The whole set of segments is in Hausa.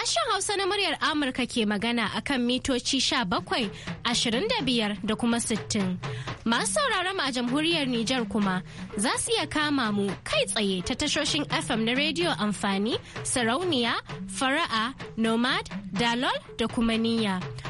Sashen Hausa na muryar Amurka ke magana a kan mitoci bakwai ashirin da biyar da kuma sittin Masu sauraron a jamhuriyar Nijar kuma za su iya kama mu kai tsaye ta tashoshin FM na rediyo amfani, sarauniya, fara'a, nomad, dalol da kuma niyya.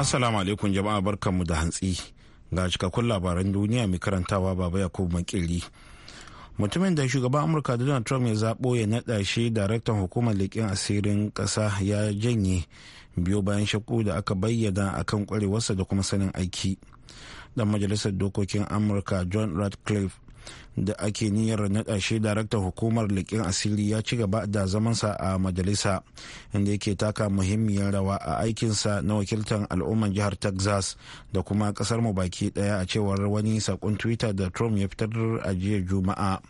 Assalamu alaikum jama'a barkanmu da hantsi ga cikakkun labaran duniya mai karantawa baba yakub Makili. Mutumin da shugaban Amurka Donald Trump ya zaɓo ya naɗa shi daraktan hukumar leƙen asirin ƙasa ya janye biyo bayan shakku da aka bayyana a kan ƙwarewarsa da kuma sanin aiki. Dan majalisar dokokin Amurka John Radcliffe da ake niyyar naɗa shi daraktan hukumar leƙin asiri ya ci gaba da zamansa a majalisa inda yake taka muhimmiyar rawa a aikinsa na wakiltar al'umman jihar texas da kuma ƙasar mu baki ɗaya a cewar wani saƙon twitter da trump ya fitar a jiya juma'a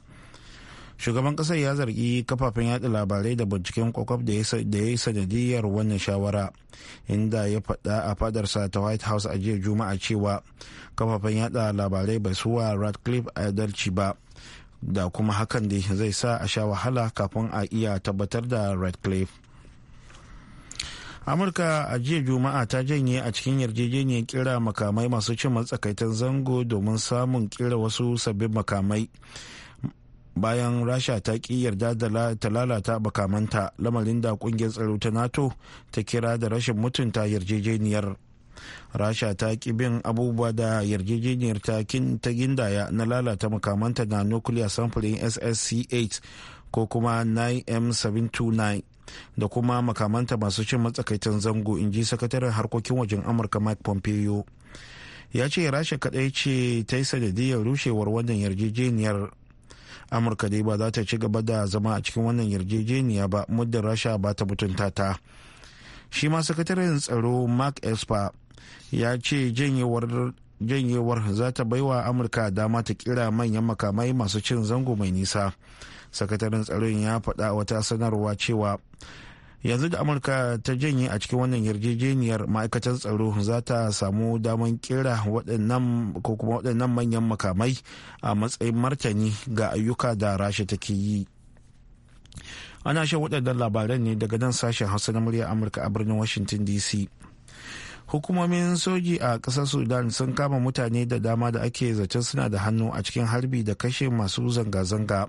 shugaban kasar ya zargi kafafen yada labarai da binciken kwakwaf da ya yi sanadiyar wannan shawara inda ya faɗa a fadarsa ta white house a jiya juma'a cewa kafafen yada labarai bai suwa radcliffe adalci ba da kuma hakan da zai sa a sha wahala kafin a iya tabbatar da radcliffe amurka a jiya juma'a ta janye a cikin yarjejeniyar kira makamai masu cin matsakaitan zango domin samun kira wasu sabbin makamai bayan rasha ta ki yarda da ta lalata bakamanta lamarin da kungiyar tsaro ta nato ta kira da rashin mutunta yarjejeniyar rasha ta ki bin abubuwa da yarjejeniyar ta ta gindaya na lalata makamanta na nuclear sampling ssc8 ko kuma 9m729 da kuma makamanta masu cin matsakaitan zango in ji sakataren harkokin wajen amurka mike pompeo ya ce rasha kadai ce ta yi sanadiyar rushewar wannan yarjejeniyar amurka dai ba za ta ci gaba da zama a cikin wannan yarjejeniya ba muddin rasha ba ta mutunta ta shi ma sakataren tsaro mark esper ya ce janyewar janyewar za ta baiwa amurka dama ta kira manyan makamai masu cin zango mai nisa sakataren tsaron ya faɗa wata sanarwa cewa yanzu da amurka ta janye a cikin wannan yarjejeniyar ma'aikatar tsaro za ta samu damar kera waɗannan ko kuma waɗannan manyan makamai a matsayin martani ga ayyuka da rasha take yi ana shan waɗannan labaran ne daga nan sashen hausa na murya amurka a birnin washington dc hukumomin soji a ƙasar sudan sun kama mutane da dama da ake zaton suna da hannu a cikin harbi da kashe masu zanga-zanga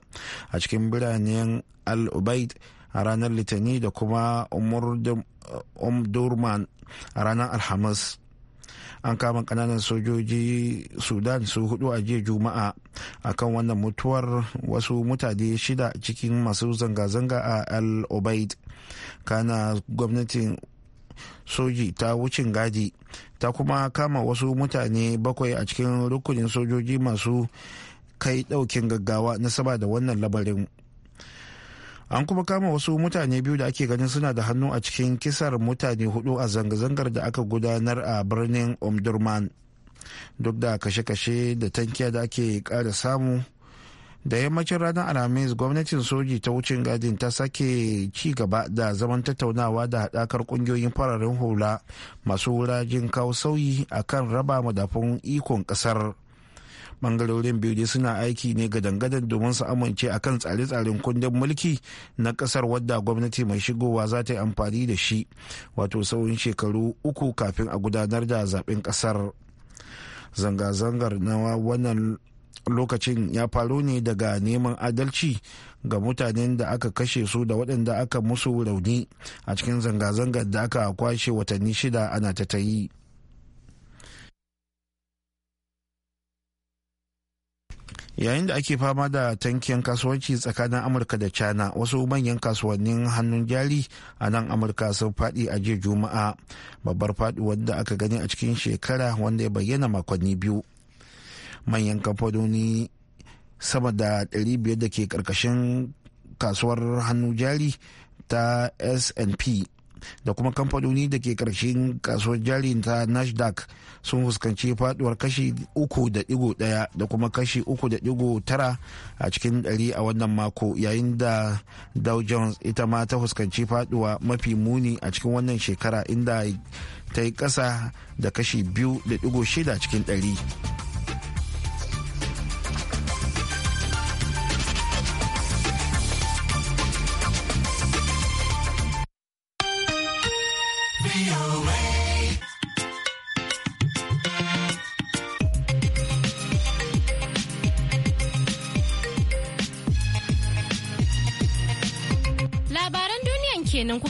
a cikin biranen al-ubaid a ranar litani da kuma umdurman a ranar alhamis an kama kananan sojoji sudan su hudu a jiya juma'a akan wannan mutuwar wasu mutane shida cikin masu zanga-zanga a al obaid kana gwamnatin soji ta wucin gadi ta kuma kama wasu mutane bakwai a cikin rukunin sojoji masu kai daukin gaggawa na saba da wannan labarin an kuma kama wasu mutane biyu da ake ganin suna da hannu a cikin kisar mutane hudu a zanga-zangar da aka gudanar a birnin omdurman duk da kashe-kashe da tankiya da ake kada samu da yammacin ranar alhamis gwamnatin soji ta wucin gadin ta sake ci gaba da zaman tattaunawa da haɗakar ƙungiyoyin fararen hula masu wurajin kawo sauyi akan raba madafun ikon ƙasar bangarorin biyu dai suna aiki ne ga dangadan domin su amince a kan tsare-tsaren kundin mulki na kasar wadda gwamnati mai shigowa za ta yi amfani da shi wato sauyin shekaru uku kafin a gudanar da zaben kasar zanga-zangar na wannan lokacin ya faru ne daga neman adalci ga mutanen da aka kashe su da waɗanda aka musu rauni a cikin zanga-zangar da aka kwashe watanni shida ana ta ta yi. yayin da ake fama da tankiyan kasuwanci tsakanin amurka da china wasu manyan kasuwannin hannun jari a nan amurka sun fadi a jiya juma'a babbar fadi wanda aka gani a cikin shekara wanda ya bayyana makonni biyu manyan kamfanoni sama da 500 da ke karkashin kasuwar hannu jari ta S&P da kuma kamfanoni da ke karshen kasuwar jari ta nasdaq sun fuskanci faduwar kashi 3.1 da kuma kashi 3.9 a cikin dari a wannan mako yayin da dow jones ita ma ta fuskanci faduwa mafi muni a cikin wannan shekara inda ta yi kasa da kashi 2.6 cikin dari.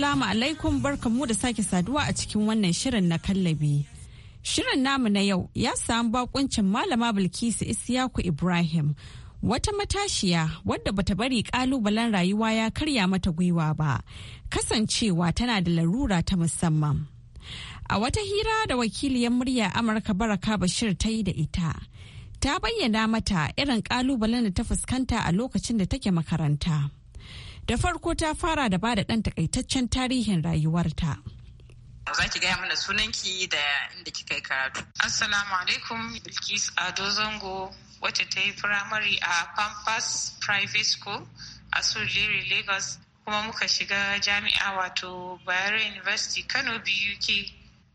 Assalamu alaikum barkamu da sake saduwa a cikin wannan shirin na kallabi. Shirin namu na yau ya samu bakuncin Malama Bilkisu Isiyaku Ibrahim, wata matashiya wadda bata bari kalubalen rayuwa ya karya mata gwiwa ba, kasancewa tana da larura ta musamman. A wata hira da wakiliyar murya Amurka Baraka Bashir ta yi da ita, ta bayyana mata irin kalubalen da ta fuskanta a lokacin da take makaranta. Da farko ta fara da bada ɗan takaitaccen tarihin rayuwarta. za ki gaya mana sunanki da inda kika yi karatu. Assalamu alaikum Bilkis Ado Zango wacce ta yi firamare a Pampas Private School a Surulere Lagos kuma muka shiga jami'a wato Bayero University Kano BUK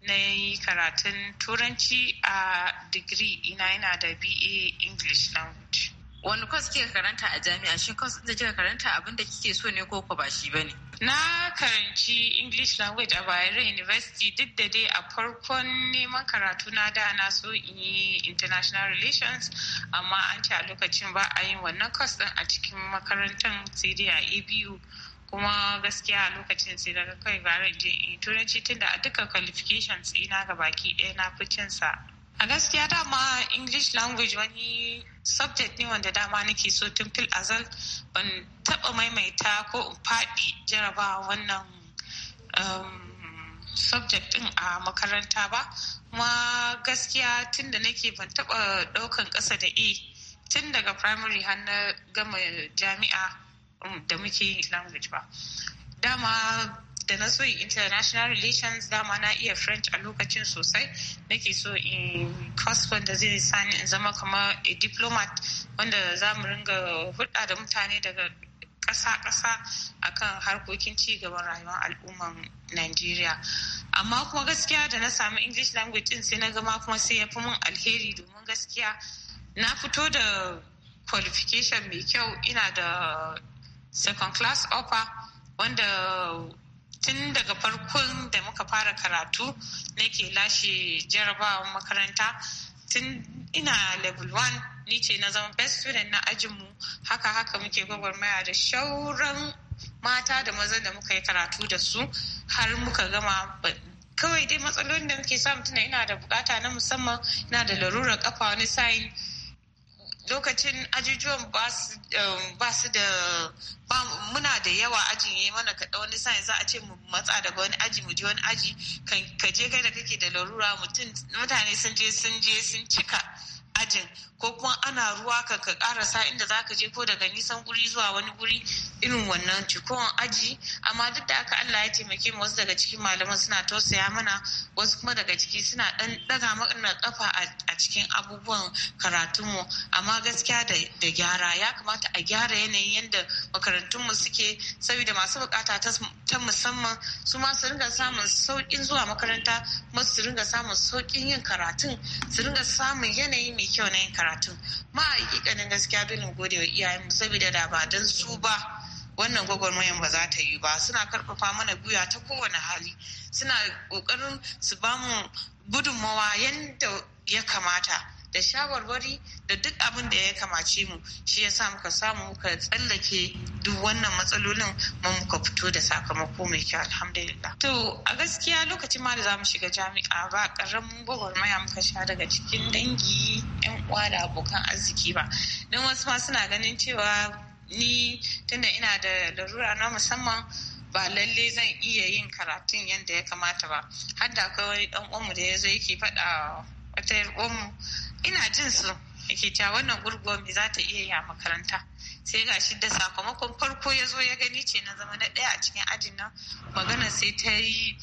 na yi karatun turanci a digiri ina yana da BA English language. wani kwas kika karanta a jami'a shi kwas da kika karanta abinda kike so ne ko ba shi ne na karanci english language a bayero university duk da dai a farkon neman karatu na da na so in yi international relations amma an ce a lokacin ba a yin wannan kwas din a cikin makarantar sai dai a abu kuma gaskiya a lokacin sai daga kai bara je in turanci tunda a duka qualifications ina ga baki ɗaya na fi cinsa A gaskiya dama English language wani subject ne wanda dama nake so tun fil azal ban taba maimaita ko in faɗi jaraba wannan um, subject din a makaranta ba kuma gaskiya tun da nake ban taba ɗaukan ƙasa da e tun daga primary har na gama jami'a um, da muke language ba dama da na so international relations dama na iya french a lokacin sosai nake so in course wanda zai sani in zama kamar a diplomat wanda za mu ringa hulɗa da mutane daga ƙasa-ƙasa akan harkokin ci gaban rayuwar al'umman nigeria Amma kuma gaskiya da na samu English language din sai na gama kuma sai ya fi mun alheri domin gaskiya na fito da qualification mai kyau ina da second class offer wanda tun daga farkon da muka fara karatu nake lashe jarabawar makaranta tun ina level 1 ni ce na zama best student na ajinmu haka haka muke gwagwarmaya da shauran mata da mazan da muka yi karatu da su har muka gama kawai dai matsalolin da muke samu tuna ina da bukata na musamman ina da larurar kafa wani sa'in lokacin ajijuwan um, ba su da muna da yawa ajin yi mana kaɗa wani sa'in za a ce mu matsa daga wani aji mu je wani aji ka je kai da kake da larura mutane sun je sun je sun cika ajin ko kuma ana ruwa ka ka karasa inda zaka je ko daga nisan guri zuwa wani guri irin wannan cikon aji amma duk da haka Allah ya taimake mu wasu daga cikin malaman suna tausaya mana wasu kuma daga ciki suna dan daga kafa a cikin abubuwan karatun mu amma gaskiya da gyara ya kamata a gyara yanayin yadda makarantun mu suke saboda masu bukata ta musamman su ma su ringa samun saukin zuwa makaranta kuma su ringa samun saukin yin karatun su ringa samun yanayi mai mai kyau na yin karatu ma gaskiya dole gode wa mu saboda da ba don su ba wannan gwagwarmayan ba za ta yi ba suna karfafa mana guya ta kowane hali suna kokarin su bamu gudunmawa yadda ya kamata da shawarwari da duk abin da ya kamace mu shi ya sa muka samu muka tsallake duk wannan matsalolin mu muka fito da sakamako mai kyau alhamdulillah to a gaskiya lokacin ma da za mu shiga jami'a ba karamin gwagwarmaya muka sha daga cikin dangi yan uwa da abokan arziki ba don wasu ma suna ganin cewa ni tunda ina da larura na musamman ba lalle zan iya yin karatun yadda ya kamata ba hadda akwai wani dan uwanmu da ya zo yake faɗa wata yar'uwanmu ina jin su yake cewa wannan gurguwar me za ta iya yi a makaranta sai ga shi da sakamakon farko ya zo ya gani ce na zama na ɗaya a cikin ajin nan magana sai ta yi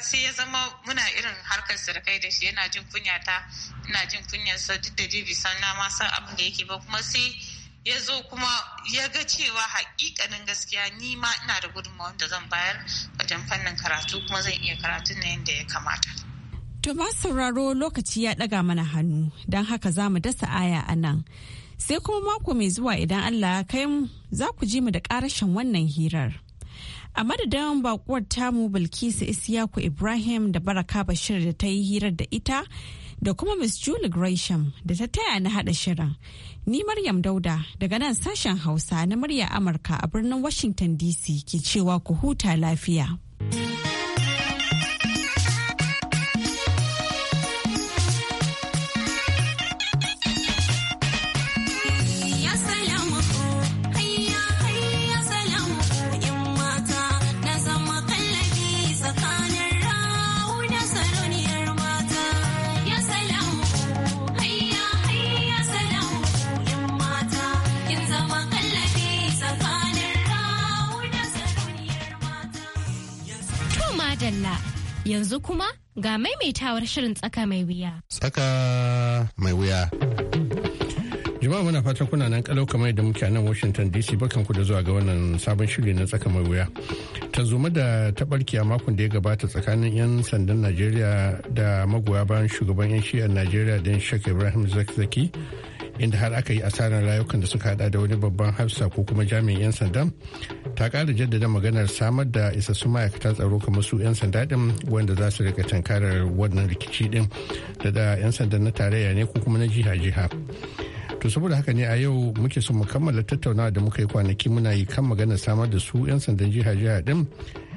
sai ya zama muna irin harkar sarkai da shi yana jin kunya ta ina jin kunya sa duk da jibi ma san abin da yake ba kuma sai ya zo kuma ya ga cewa hakikanin gaskiya ni ma ina da gudunmawar da zan bayar wajen fannin karatu kuma zan iya karatu na yadda ya kamata. To masu sauraro lokaci ya ɗaga mana hannu don haka za mu dasa aya a nan. Sai kuma mako mai zuwa idan Allah ya kai mu za ku ji mu da ƙarashin wannan hirar. A madadin bakuwar tamu Bilkisu Isiyaku Ibrahim da Baraka Bashir da ta yi hirar da ita da kuma Miss Julie Gresham da ta taya na haɗa shirin. Ni Maryam Dauda daga nan sashen Hausa na murya Amurka a birnin Washington DC ke cewa ku huta lafiya. yanzu kuma ga maimaitawar shirin tsaka mai wuya. Tsaka mai wuya. Jama'a muna fatan kuna nan kalau kamar da muke a nan Washington DC ku da zuwa ga wannan sabon shiri na tsaka mai wuya. Tanzoma da ta a makon da ya gabata tsakanin 'yan sandan Najeriya da magoya bayan shugaban 'yan shiyar Najeriya din Sheikh Ibrahim Zakzaki inda har aka yi asarar rayukan da suka hada da wani babban hafsa ko kuma jami'in 'yan sandan ta kara jaddada maganar samar da isassun ma'aikatan tsaro kamar su 'yan sanda din wanda za su rika tankarar wannan rikici din da 'yan sanda na tarayya ne ko kuma na jiha-jiha to saboda haka ne a yau muke so mu kammala tattaunawa da muka yi kwanaki muna yi kan maganar samar da su 'yan sandan jiha-jiha din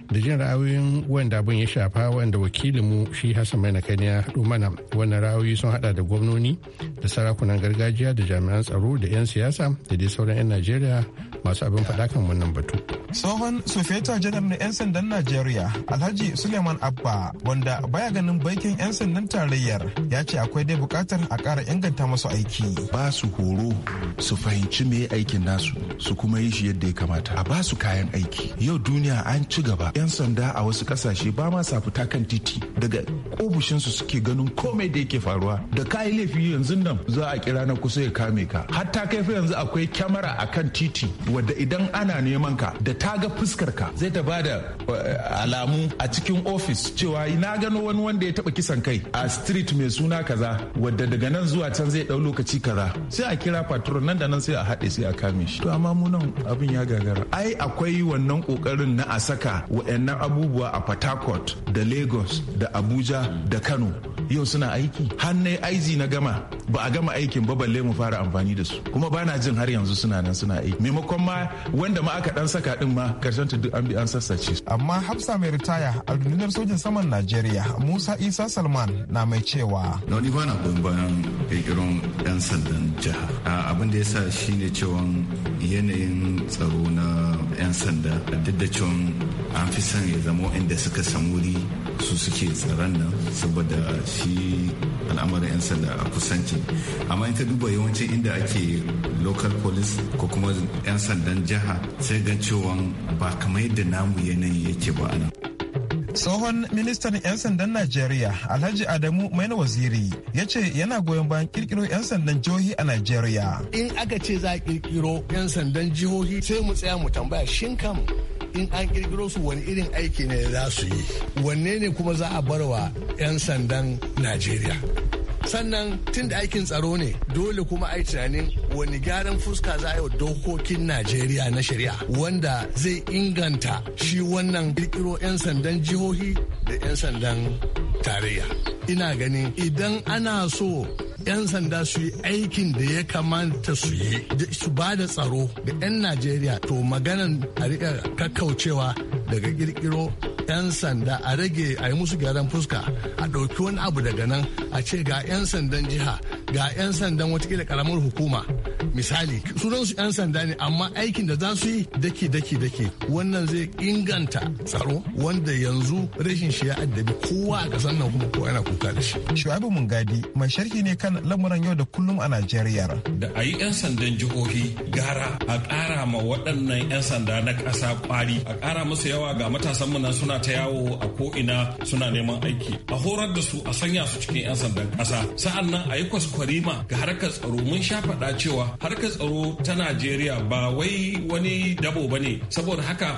da jin ra'ayoyin wanda abin ya shafa wanda wakilinmu shi hassan mai kai ne ya haɗu mana wannan ra'ayoyi sun haɗa da gwamnoni da sarakunan gargajiya da jami'an tsaro da 'yan siyasa da dai sauran 'yan najeriya masu abin faɗa kan wannan batu. Tsohon Sufeta janar na 'yan sandan Najeriya, Alhaji Suleiman Abba, wanda baya ganin baikin 'yan sandan tarayyar, ya ce akwai dai bukatar a kara inganta masu aiki. Ba su horo su fahimci me aikin nasu su kuma yi shi yadda ya kamata. A ba su kayan aiki. Yau duniya an ci gaba. 'Yan sanda a wasu ƙasashe ba ma sa fita kan titi. Daga ofishinsu suke ganin komai da yake faruwa. Da kayi laifi yanzu nan za a kira na kusa ya kame ka. Hatta kai fa yanzu akwai kyamara a kan titi wadda idan ana neman ka da ka ga fuskar ka zai ta bada eh, alamu a cikin ofis cewa na gano wani wanda ya taba kisan kai a street mai suna kaza wadda daga nan zuwa can zai dau lokaci kaza sai a kira patron nan da nan sai a haɗe sai a kame shi to amma mu nan abin ya gagara ai akwai wannan kokarin na a saka waɗannan abubuwa a Fatakot da Lagos da Abuja da Kano yau suna aiki har na na gama ba a gama aikin ba balle mu fara amfani da su kuma bana jin har yanzu suna nan suna aiki maimakon ma wanda ma aka dan saka din ma karshen duk an bi an sassace. Amma Hafsa mai ritaya a rundunar sojin saman Najeriya Musa Isa Salman na mai cewa. Na wani bana goyon bayan kirkiron 'yan sandan jiha. Abin da ya sa shi ne cewa yanayin tsaro na 'yan sanda duk da cewa an fi son ya zama inda suka san wuri su suke tsaron nan saboda shi al'amarin 'yan sanda a kusanci amma in ka duba yawancin inda ake local police ko kuma 'yan sandan jiha sai ga cewa ba kamar yadda namu yanayi yake ba nan. tsohon ministan 'yan sandan najeriya alhaji adamu maina waziri ya ce yana goyon bayan kirkiro 'yan sandan jihohi a najeriya in aka ce za a kirkiro 'yan sandan jihohi sai mu tsaya mu tambaya shin kam in an kirkiro su wani irin aiki ne za su yi wanne ne kuma za a barwa 'yan sandan najeriya sannan tun da aikin tsaro ne dole kuma a yi tunanin wani gyaran fuska za a yi wa dokokin najeriya na shari'a wanda zai inganta shi wannan kirkiro 'yan sandan jihohi da 'yan sandan tarayya ina ganin idan ana so 'yan sanda su yi aikin da ya kamata su yi su ba da tsaro ga 'yan najeriya to maganan a kakkaucewa daga kirkiro 'yan sanda a rage a yi musu gyaran fuska a ɗauki wani abu daga nan a ce ga 'yan sandan jiha ga 'yan sandan wata watakila karamar hukuma misali sunansu 'yan sanda ne amma aikin da za su yi daki daki daki wannan zai inganta tsaro wanda yanzu rashin shi ya addabi kowa a kasan nan kuma kowa yana kuka da shi. Shu'aibu Mungadi mai sharhi ne kan lamuran yau da kullum a Najeriya. Da a yi 'yan sandan jihohi gara a kara ma waɗannan 'yan sanda na ƙasa ƙwari a kara musu yawa ga matasan mu nan suna ta yawo a ko'ina suna neman aiki a horar da su a sanya su cikin 'yan sandan ƙasa sa'an nan a yi kwaskwari Farima ga harkar tsaro mun sha faɗa cewa harkar tsaro ta Najeriya ba wai wani dabo ba ne saboda haka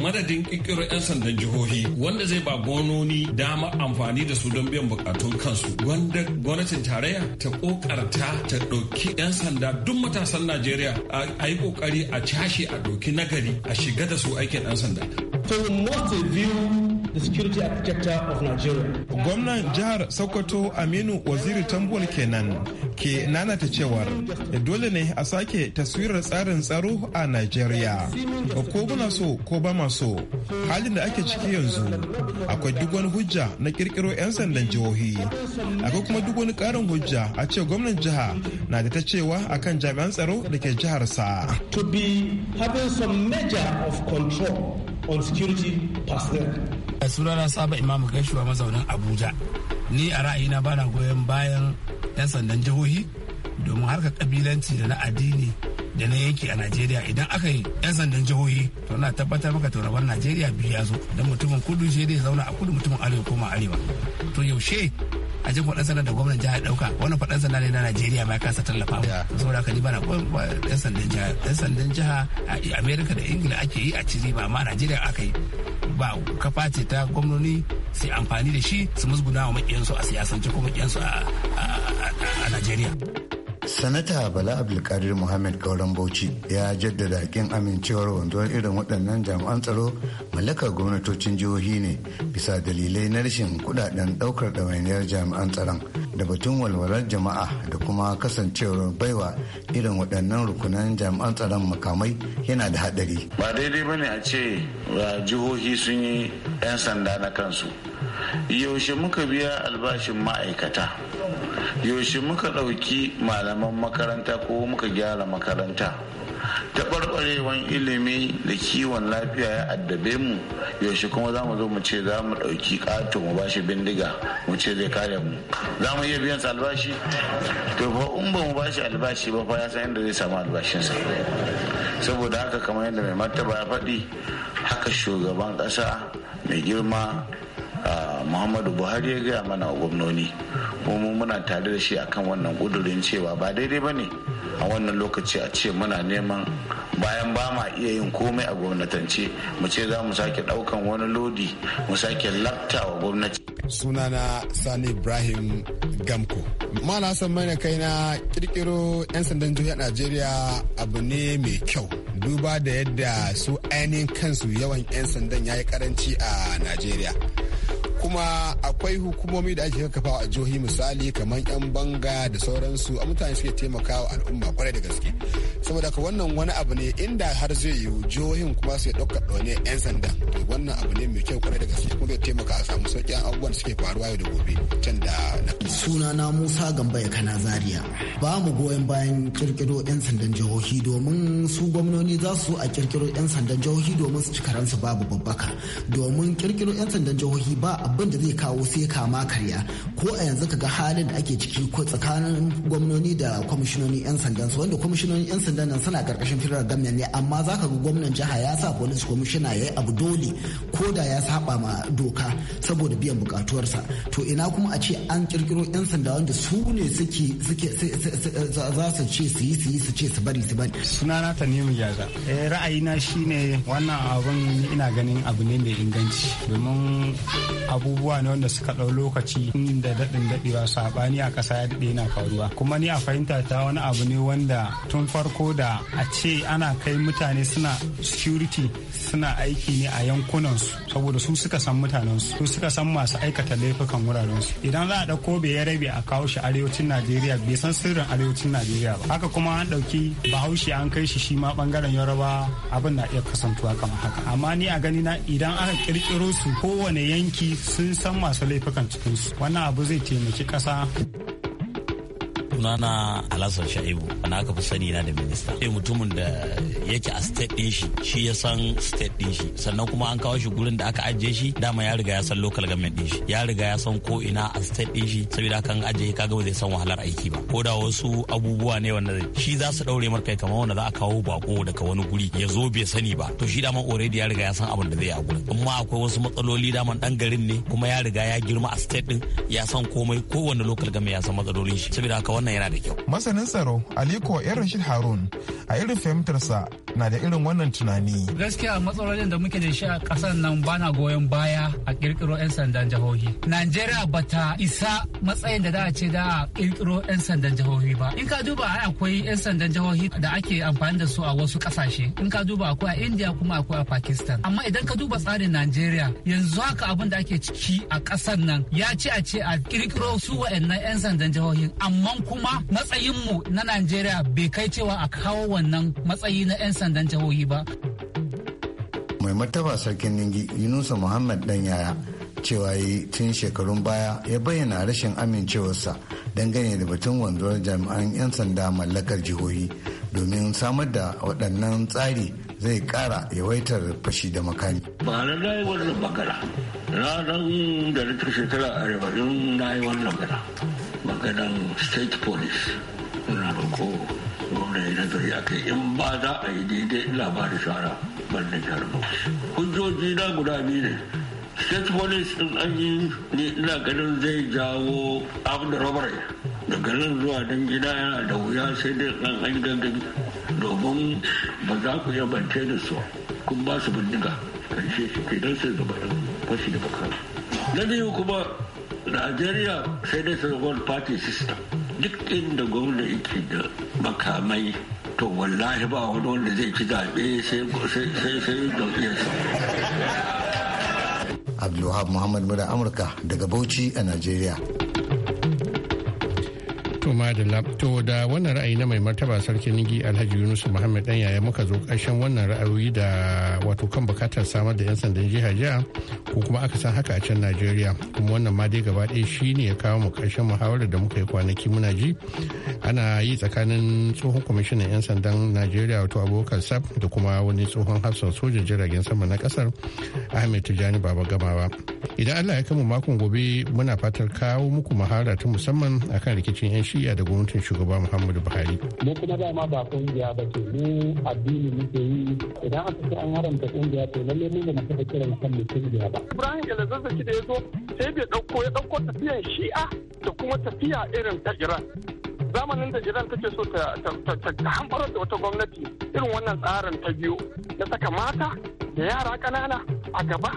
madadin ƙirƙirar 'yan sandan jihohi wanda zai ba gononi dama amfani da su don biyan buƙatun kansu wanda gwamnatin tarayya ta ƙoƙarta ta ɗauki 'yan sanda duk matasan Najeriya a yi ƙoƙari a cashe a ɗauki nagari a shiga da su aikin 'yan sanda. To motive the security architecture of Nigeria. Gwamnan jihar Sokoto Aminu Waziri Tambol kenan ke nanata cewar dole ne a sake taswirar tsarin tsaro a Nigeria. Ko muna so ko ba ma so halin da ake ciki yanzu akwai duk wani hujja na kirkiro 'yan sandan jihohi. Akwai kuma duk wani karin hujja a ce gwamnan jiha na da ta cewa akan jami'an tsaro da ke Jihar sa. To be having some measure of control on security personnel. sunana saba imamu gaishuwa mazaunin abuja ni a ra'ayina bana goyon bayan 'yan sandan jihohi domin harka kabilanci da na addini da na yanki a najeriya idan aka yi 'yan sandan jihohi to na tabbatar maka tauraron najeriya biyu ya zo don mutumin kudu shi ya zauna a kudu mutumin arewa koma arewa to yaushe a jin faɗan sanar da gwamnan jihar ɗauka wani faɗan sanar ne na najeriya ma kasa tallafa mu saboda haka ni bana koyon 'yan sandan jiha yan sandan jiha a amerika da ingila ake yi a ciri ba ma najeriya aka yi ba kafa ce ta gwamnoni sai amfani da shi su musguna wa makiyansu a siyasance ko makiyansu a Najeriya. Sanata Bala Abdulkadir Muhammad Gauran Bauchi ya jaddada kin amincewar wanzuwar irin waɗannan jami'an tsaro mallakar gwamnatocin jihohi ne bisa dalilai na rashin kudaden ɗaukar ɗawainiyar jami'an tsaron. da batun walwalar jama'a da kuma kasancewar baiwa irin waɗannan rukunan jami'an tsaron makamai yana da haɗari. ba daidai bane a ce jihohi sun yi 'yan sanda na kansu yaushe muka biya albashin ma'aikata yaushe muka ɗauki malaman makaranta ko muka gyara makaranta taɓarɓarewan ilimi da kiwon lafiya ya addabe mu yaushe kuma za mu zo mu ce za mu ɗauki ƙato mu bashi bindiga mu ce zai kare mu za mu iya biyan sa albashi to fa in ba mu bashi albashi ba fa ya san yadda zai samu albashinsa saboda haka kamar yadda mai martaba ya faɗi haka shugaban ƙasa mai girma muhammadu buhari ya gaya mana gwamnoni kuma muna tare da shi akan wannan ƙudurin cewa ba daidai ba ne a wannan lokaci a ce muna neman bayan ba ma iya yin komai a gwamnatance mu ce za mu sake daukan wani lodi mu sake lakta wa gwamnati sunana sani ibrahim gamko mala san mai kai na kirkiro 'yan sandan jihar najeriya abu ne mai kyau duba da yadda su ainihin kansu yawan 'yan sandan ya yi karanci a najeriya kuma akwai hukumomi da ake kafa a jihohi misali kamar yan banga da sauransu a mutane suke taimakawa al'umma kwarai da gaske saboda ka wannan wani abu ne inda har zai yiwu jihohin kuma su ɗauka ɗone yan sanda to wannan abu ne mai kyau kwarai da gaske kuma zai taimaka a samu sauƙin abubuwan suke faruwa yau da gobe can da sunana musa gamba ya kana zaria ba mu goyon bayan kirkiro yan sandan jihohi domin su gwamnoni za su a kirkiro yan sandan jihohi domin su ci karansu babu babbaka domin kirkiro yan sandan jihohi ba abin da zai kawo sai kama karya ko a yanzu ga halin da ake ciki ko tsakanin gwamnoni da kwamishinoni yan sandan su wanda kwamishinoni yan sandan nan suna karkashin firar gwamnan ne amma za ka ga gwamnan jiha ya sa police commissioner yi abu dole ko da ya saba ma doka saboda biyan bukatuwarsa to ina kuma a ce an kirkiro yan sanda wanda su ne suke suke za su ce su yi su yi su ce su bari su bari sunana nemi yaza eh ra'ayina shine wannan abun ina ganin abu ne mai inganci domin a abubuwa ne wanda suka ɗau lokaci da daɗin daɗewa saɓani a ƙasa ya daɗe yana faruwa kuma ni a fahimta ta wani abu ne wanda tun farko da a ce ana kai mutane suna security suna aiki ne a yankunansu saboda su suka san mutanensu su suka san masu aikata laifukan wurarensu idan za a ɗauko bai ya rabe a kawo shi arewacin najeriya bai san sirrin arewacin najeriya ba haka kuma an ɗauki bahaushe an kai shi shi ma ɓangaren yaraba abin na iya kasantuwa kamar haka amma ni a gani na idan aka ƙirƙiro su kowane yanki sun san masu laifukan cikinsu wannan abu zai taimaki ƙasa sunana alhassan sha'ibu na aka fi sani na da minista sai mutumin da yake a state din shi shi ya san state din shi sannan kuma an kawo shi gurin da aka ajiye shi dama ya riga ya san local government din shi ya riga ya san ko ina a state din shi saboda haka an ajiye kaga ba zai san wahalar aiki ba ko da wasu abubuwa ne wanda shi za su daure markai kamar wanda za a kawo bako daga wani guri ya zo bai sani ba to shi dama already ya riga ya san abin da zai a gurin amma akwai wasu matsaloli dama dan garin ne kuma ya riga ya girma a state din ya san komai kowanne local government ya san matsalolin shi saboda haka wannan wannan yana da kyau masanin tsaro aliko yan rashid harun a irin fahimtarsa na da irin wannan tunani gaskiya matsalolin da muke da shi a ƙasar nan bana goyon baya a kirkiro yan sandan jihohi najeriya bata isa matsayin da za a ce da a kirkiro yan sandan jihohi ba in ka duba ai akwai yan sandan jihohi da ake amfani da su a wasu ƙasashe in ka duba akwai a india kuma akwai a pakistan amma idan ka duba tsarin najeriya yanzu haka abin da ake ciki a ƙasar nan ya ce a ce a kirkiro su wa'annan yan sandan jihohi amma ku. kuma matsayinmu na najeriya bai kai cewa a kawo wannan matsayi na 'yan sandan jihohi ba mai martaba sarkin ningi yunusa muhammad dan yaya cewa yi tun shekarun baya ya bayyana rashin amincewarsa dangane da batun wanzuwar jami'an 'yan sanda mallakar jihohi domin samar da waɗannan tsari zai kara yawaitar fashi da makami. ba na dai yi wannan magana ranar da na ta shekara arba'in na yi wannan magana maganan state police na ko wanda ya nazari a kai in ba za a yi daidai labarin shara ban da jihar bauchi hujjoji na guda biyu ne state police din an yi ne ina ganin zai jawo abu da rabarai daga nan zuwa don gida yana da wuya sai dai ɗan an gangan domin ba za ku yabance da su kun ba su bindiga karshe shi ke don sai gaba fashi da bakar na biyu kuma najeriya sai dai su world party system duk inda gwamna yake da makamai to wallahi ba wani wanda zai ci zaɓe sai sai jam'iyyarsa Abdullahi muhammad mura amurka daga bauchi a najeriya da to da wannan ra'ayi na mai martaba sarkin ningi alhaji yunus muhammad dan yaya muka zo ƙarshen wannan ra'ayoyi da wato kan bukatar samar da 'yan sandan jiha jiya ko kuma aka san haka a can najeriya kuma wannan ma dai gaba ɗaya shi ne ya kawo mu karshen muhawarar da muka yi kwanaki muna ji ana yi tsakanin tsohon kwamishinan 'yan sandan najeriya wato abubakar sab da kuma wani tsohon hafsan sojan jiragen sama na kasar ahmed tijjani baba gamawa idan allah ya kama makon gobe muna fatar kawo muku muhawara ta musamman akan rikicin 'yan shi'a jam'iyya da gwamnatin shugaba muhammadu buhari mu kuma dama ba kungiya ba ce mu addini muke yi idan aka ce an haramta kungiya to lalle mu ba mu taɓa kiran kanmu kungiya ba ibrahim elazazaki da ya zo sai bai ɗauko ya ɗauko tafiyan shi'a da kuma tafiya irin ta iran zamanin da iran take so ta hamɓarar da wata gwamnati irin wannan tsarin ta biyu na saka mata da yara ƙanana a gaba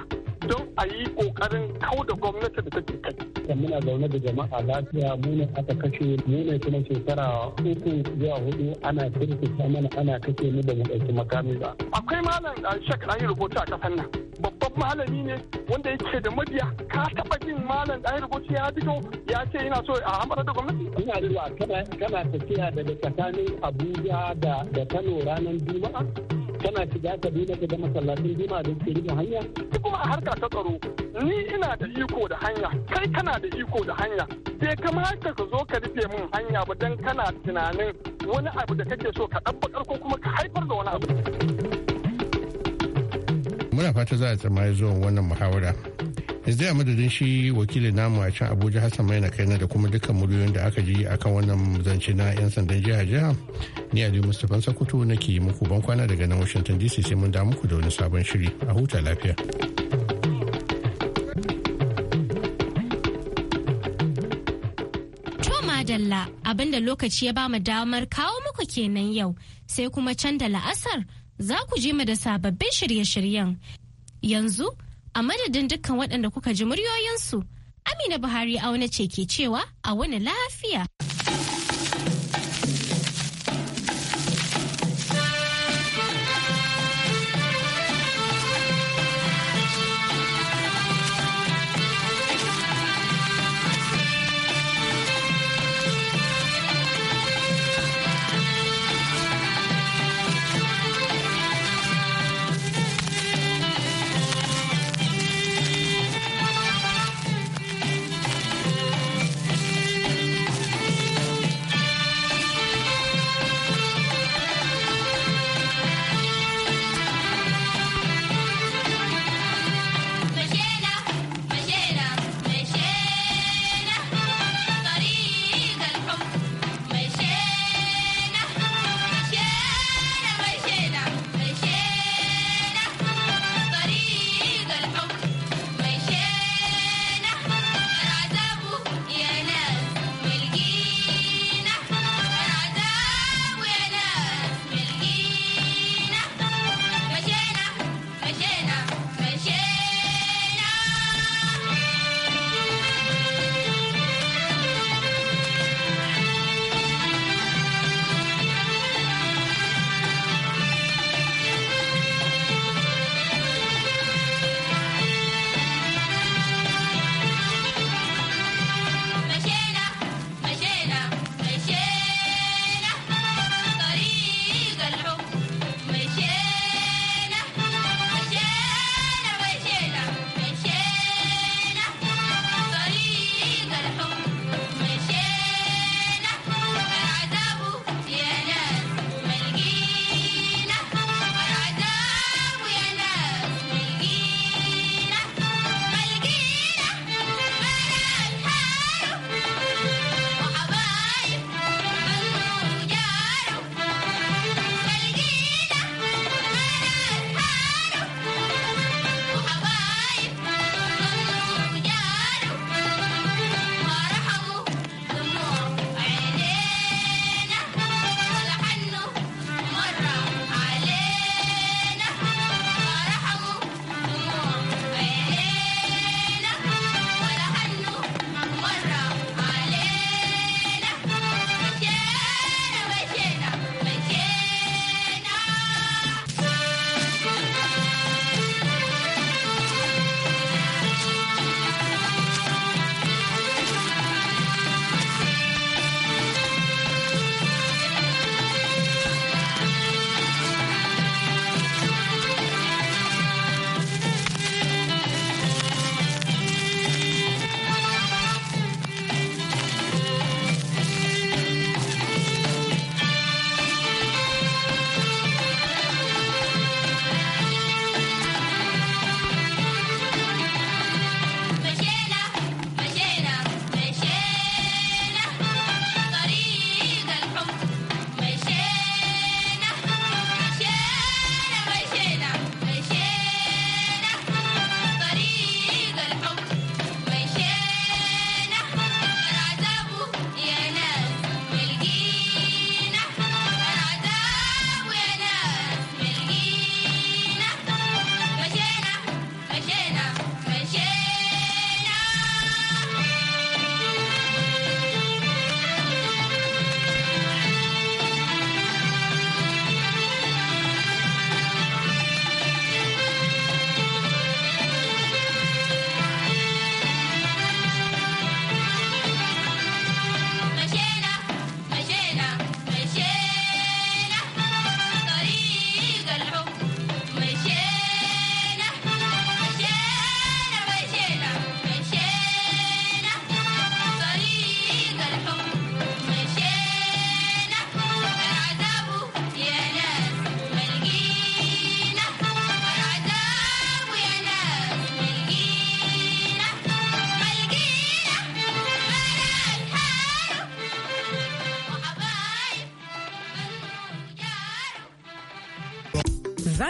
don a yi kokarin kau da gwamnati da take kai. Da muna zaune da jama'a lafiya mu ne aka kashe mu ne kuma shekara uku zuwa hudu ana kirkita mana ana kashe mu da mu ɗauki makami ba. Akwai malam Shek an yi rubutu a kasan nan. Babban malami ne wanda yake da mabiya ka taɓa jin malam ɗan rubutu ya fito ya ce yana so a hamara da gwamnati. Ina zuwa kana tafiya daga tsakanin Abuja da Kano ranar Juma'a. kana shiga ka dina ka ga masallacin jima da ke rike hanya kuma a harka ta tsaro ni ina da iko da hanya kai kana da iko da hanya bai kamata ka zo ka rufe mun hanya ba dan kana tunanin wani abu da kake so ka dabbakar ko kuma ka haifar da wani abu muna fata za a tsamaya zuwan wannan muhawara yanzu a madadin shi wakilin namu a can abuja hassan maina kai na da kuma dukkan muryoyin da aka ji akan wannan zance na yan sandan jiha jiha ni ali mustapha sakutu nake muku ban kwana daga nan washington dc sai mun da muku da wani sabon shiri a huta lafiya madalla abinda lokaci ya bamu damar kawo muku kenan yau sai kuma can da la'asar za ku je mu da sababbin shirye-shiryen yanzu a madadin dukkan waɗanda kuka ji muryoyinsu amina buhari auna ce ke cewa a wani lafiya